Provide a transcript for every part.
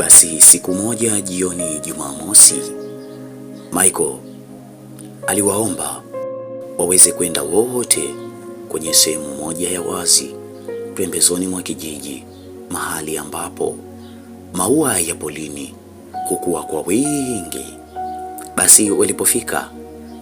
Basi siku moja jioni Jumamosi, Michael aliwaomba waweze kwenda wote kwenye sehemu moja ya wazi pembezoni mwa kijiji, mahali ambapo maua ya polini hukua kwa wingi. Basi walipofika,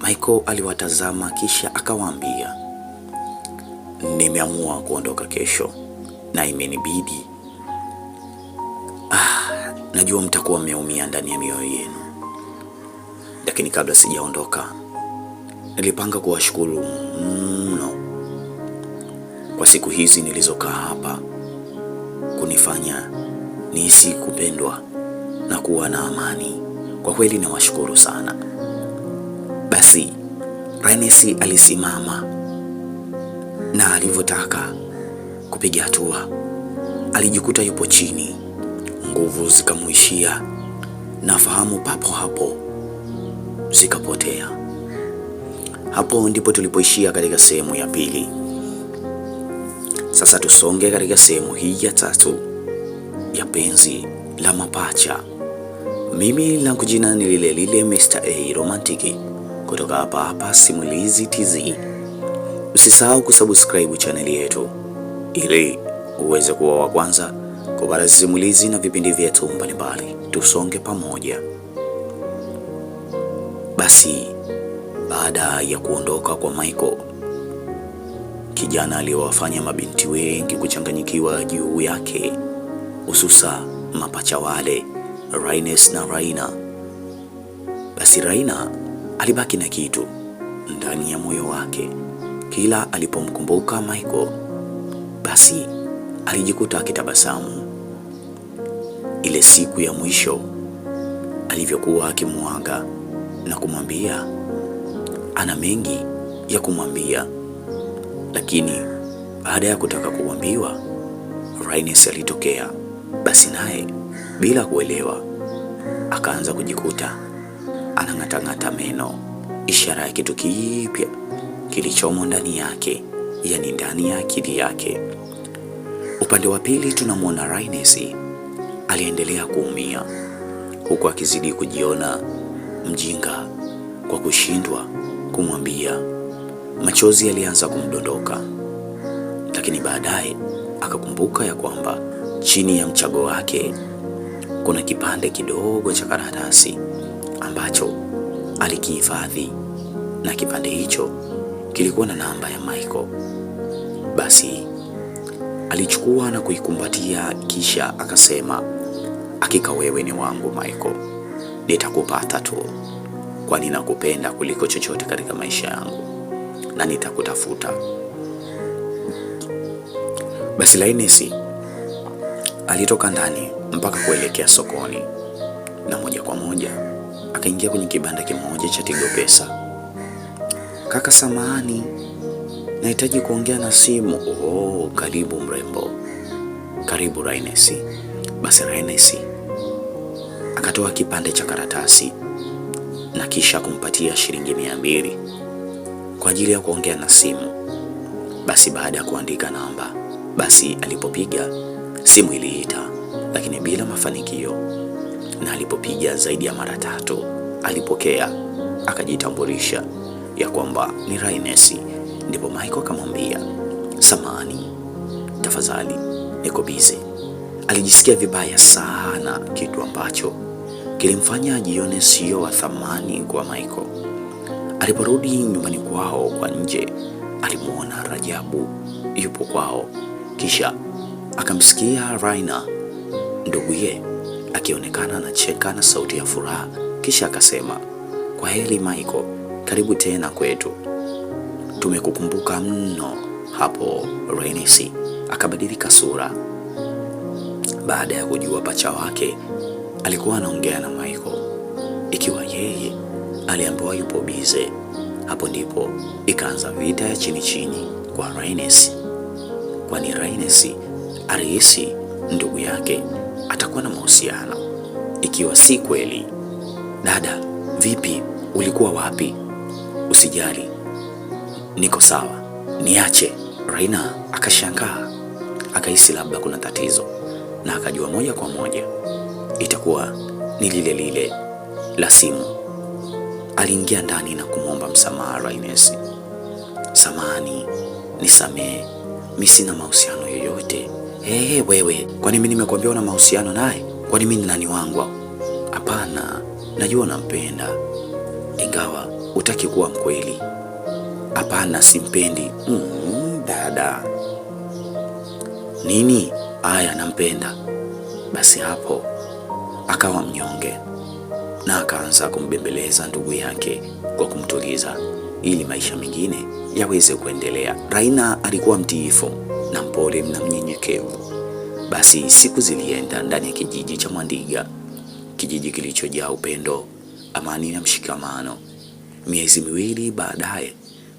Michael aliwatazama kisha akawaambia, nimeamua kuondoka kesho na imenibidi Najua mtakuwa mmeumia ndani ya mioyo yenu, lakini kabla sijaondoka, nilipanga kuwashukuru mno kwa siku hizi nilizokaa hapa kunifanya nihisi kupendwa na kuwa na amani. Kwa kweli nawashukuru sana. Basi Renesi alisimama na alivyotaka kupiga hatua alijikuta yupo chini nguvu zikamwishia na fahamu papo hapo zikapotea. Hapo ndipo tulipoishia katika sehemu ya pili. Sasa tusonge katika sehemu hii ya tatu ya penzi la mapacha. Mimi langu jina ni lile lile Mr. A Romantiki kutoka hapa hapa Simulizi Tz. Usisahau kusubscribe chaneli yetu ili uweze kuwa wa kwanza kwa baraza simulizi na vipindi vyetu mbalimbali, tusonge pamoja. Basi baada ya kuondoka kwa Michael, kijana aliyowafanya mabinti wengi kuchanganyikiwa juu yake, hususa mapacha wale Raines na Raina. Basi Raina alibaki na kitu ndani ya moyo wake. Kila alipomkumbuka Michael, basi alijikuta akitabasamu ile siku ya mwisho alivyokuwa akimwaga na kumwambia ana mengi ya kumwambia, lakini baada ya kutaka kuambiwa Rainis alitokea basi, naye bila kuelewa akaanza kujikuta anang'atang'ata meno, ishara ya kitu kipya kilichomo ndani yake, yani ndani ya akili yake. Upande wa pili tunamwona Rainis aliendelea kuumia huku akizidi kujiona mjinga kwa kushindwa kumwambia. Machozi yalianza kumdondoka, lakini baadaye akakumbuka ya kwamba chini ya mchago wake kuna kipande kidogo cha karatasi ambacho alikihifadhi, na kipande hicho kilikuwa na namba ya Michael. Basi alichukua na kuikumbatia, kisha akasema Hakika wewe ni wangu Michael, nitakupata tu, kwani nakupenda kuliko chochote katika maisha yangu na nitakutafuta. Basi Lainesi alitoka ndani mpaka kuelekea sokoni, na moja kwa moja akaingia kwenye kibanda kimoja cha Tigo Pesa. Kaka, samani, nahitaji kuongea na simu. Oh, karibu mrembo, karibu Rainesi. Basi Rainesi, akatoa kipande cha karatasi na kisha kumpatia shilingi mia mbili kwa ajili ya kuongea na simu. Basi baada ya kuandika namba, basi alipopiga simu iliita, lakini bila mafanikio, na alipopiga zaidi ya mara tatu alipokea, akajitambulisha ya kwamba ni Rainesi. Ndipo Michael akamwambia, samani tafadhali, niko busy. Alijisikia vibaya sana, kitu ambacho kilimfanya ajione sio wa thamani kwa Michael. Aliporudi nyumbani kwao kwa nje, alimwona Rajabu yupo kwao, kisha akamsikia Raina nduguye akionekana anacheka na sauti ya furaha, kisha akasema, kwa heri Michael, karibu tena kwetu, tumekukumbuka mno. Hapo Rainisi akabadilika sura baada ya kujua pacha wake alikuwa anaongea na Michael, ikiwa yeye aliambiwa yupo bize. Hapo ndipo ikaanza vita ya chini chini kwa Raines, kwani Raines alihisi ndugu yake atakuwa na mahusiano, ikiwa si kweli. Dada vipi, ulikuwa wapi? Usijali, niko sawa, niache. Raina akashangaa akahisi labda kuna tatizo na akajua moja kwa moja itakuwa ni lile lile la simu. Aliingia ndani na kumwomba msamaha Lainesi, samani nisamehe, mi sina mahusiano yoyote. Ehe, wewe, kwani mi nimekuambia una mahusiano naye? Kwani mi ni nani wangu? Hapana, najua nampenda, ingawa utaki kuwa mkweli. Hapana, simpendi. Mm, dada nini aya, nampenda. Basi hapo akawa mnyonge na akaanza kumbembeleza ndugu yake kwa kumtuliza ili maisha mengine yaweze kuendelea. Raina alikuwa mtiifu na mpole na mnyenyekevu. Basi siku zilienda ndani ya kijiji cha Mwandiga, kijiji kilichojaa upendo, amani na mshikamano. Miezi miwili baadaye,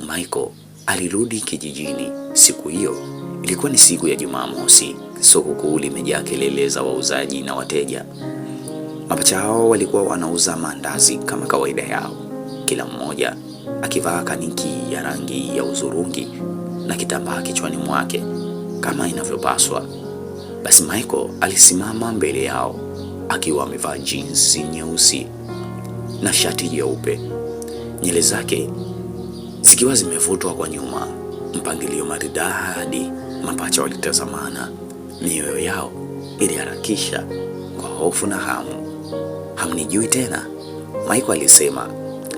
Michael alirudi kijijini. Siku hiyo ilikuwa ni siku ya Jumamosi. Soko kuu limejaa kelele za wauzaji na wateja. Mapacha hao walikuwa wanauza maandazi kama kawaida yao, kila mmoja akivaa kaniki ya rangi ya uzurungi na kitambaa kichwani mwake kama inavyopaswa. Basi Michael alisimama mbele yao akiwa amevaa jeans nyeusi na shati jeupe, nywele zake zikiwa zimevutwa kwa nyuma, mpangilio maridadi. Mapacha walitazamana mioyo yao iliharakisha kwa hofu na hamu. Hamnijui tena, Maiko alisema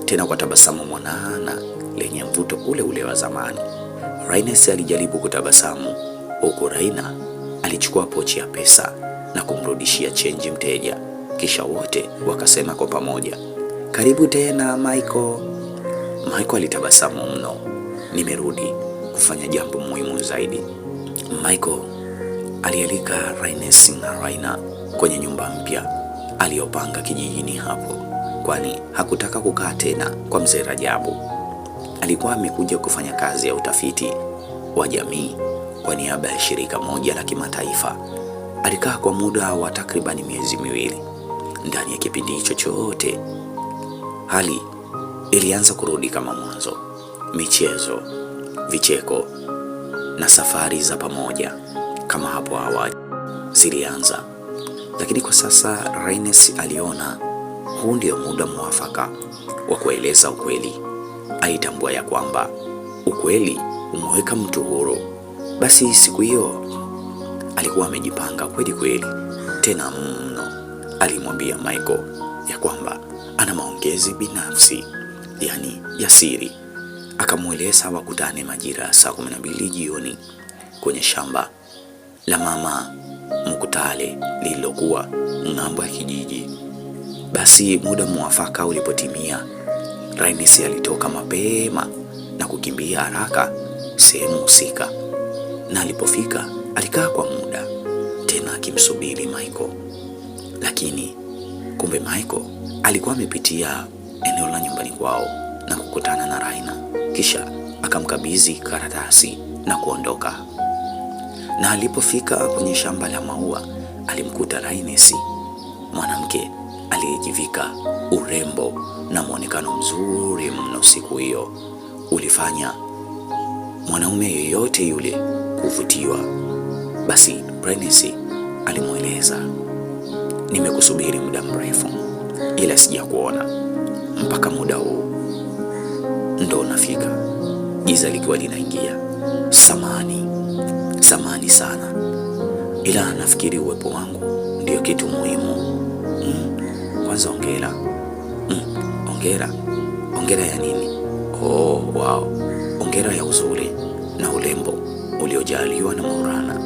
tena kwa tabasamu mwanaana lenye mvuto ule ule wa zamani. raines alijaribu kutabasamu huku Raina alichukua pochi ya pesa na kumrudishia chenji mteja, kisha wote wakasema kwa pamoja, karibu tena Maiko. Maiko alitabasamu mno, nimerudi kufanya jambo muhimu zaidi, Maiko alialika Rainesi na Raina kwenye nyumba mpya aliyopanga kijijini hapo, kwani hakutaka kukaa tena kwa mzee Rajabu. Alikuwa amekuja kufanya kazi ya utafiti wa jamii kwa niaba ya shirika moja la kimataifa. Alikaa kwa muda wa takribani miezi miwili. Ndani ya kipindi hicho chote, hali ilianza kurudi kama mwanzo: michezo, vicheko na safari za pamoja kama hapo awali zilianza, lakini kwa sasa raines aliona huu ndio muda mwafaka wa kueleza ukweli. Alitambua ya kwamba ukweli umeweka mtu huru. Basi siku hiyo alikuwa amejipanga kweli kweli, tena mno. Alimwambia Michael ya kwamba ana maongezi binafsi, yani ya siri, akamweleza wakutane majira ya saa 12 jioni kwenye shamba la mama mkutale lililokuwa ng'ambo ya kijiji. Basi muda mwafaka ulipotimia, Rainis alitoka mapema na kukimbia haraka sehemu husika, na alipofika alikaa kwa muda tena akimsubiri Michael, lakini kumbe Michael alikuwa amepitia eneo la nyumbani kwao na kukutana na Raina, kisha akamkabidhi karatasi na kuondoka na alipofika kwenye shamba la maua alimkuta Rainesi, mwanamke aliyejivika urembo na mwonekano mzuri mno. Siku hiyo ulifanya mwanaume yeyote yule kuvutiwa. Basi Rainesi alimweleza, nimekusubiri muda mrefu, ila sijakuona mpaka muda huu ndo unafika, giza likiwa linaingia. Samani zamani sana, ila nafikiri uwepo wangu ndio kitu muhimu. Mm, kwanza ongera. Mm, ongera. Ongera ya nini? Oh, wow. Ongera ya uzuri na ulembo uliojaliwa na Maulana.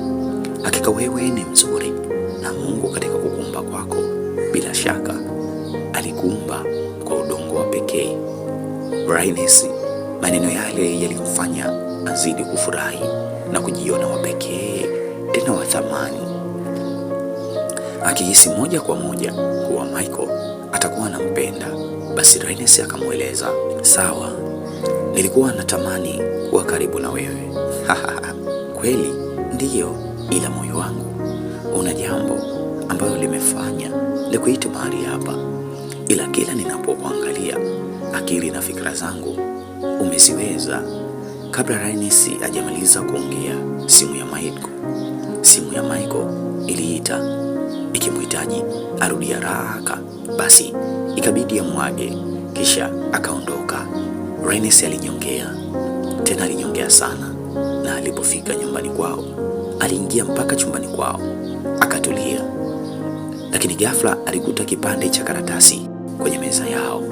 Hakika wewe ni mzuri na Mungu katika kukumba kwako, bila shaka alikuumba kwa udongo wa pekee. Brightness, maneno yale yalimfanya azidi kufurahi na kujiona wa pekee tena wa thamani, akihisi moja kwa moja kuwa Michael atakuwa anampenda. Basi Raines akamweleza sawa, nilikuwa natamani kuwa karibu na wewe kweli ndiyo, ila moyo wangu una jambo ambalo limefanya nikuite mahali hapa, ila kila ninapokuangalia akili na fikra zangu umeziweza Kabla Rainis hajamaliza kuongea, simu ya Michael simu ya Michael iliita ikimhitaji arudi haraka, basi ikabidi amwage, kisha akaondoka. Rainis alinyongea tena, alinyongea sana, na alipofika nyumbani kwao aliingia mpaka chumbani kwao akatulia, lakini ghafla alikuta kipande cha karatasi kwenye meza yao,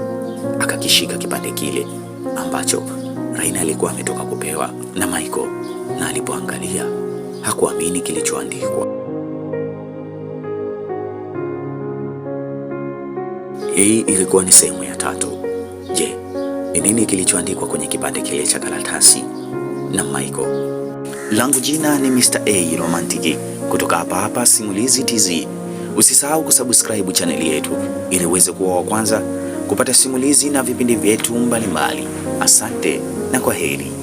akakishika kipande kile ambacho Raina alikuwa ametoka kupewa na Michael, na alipoangalia hakuamini kilichoandikwa. Hii ilikuwa ni sehemu ya tatu. Je, ni nini kilichoandikwa kwenye kipande kile cha karatasi na Michael? Langu jina ni Mr. A Romantic kutoka hapa hapa Simulizi Tz. Usisahau kusubscribe chaneli yetu ili uweze kuwa wa kwanza kupata simulizi na vipindi vyetu mbalimbali. Asante na kwa heri.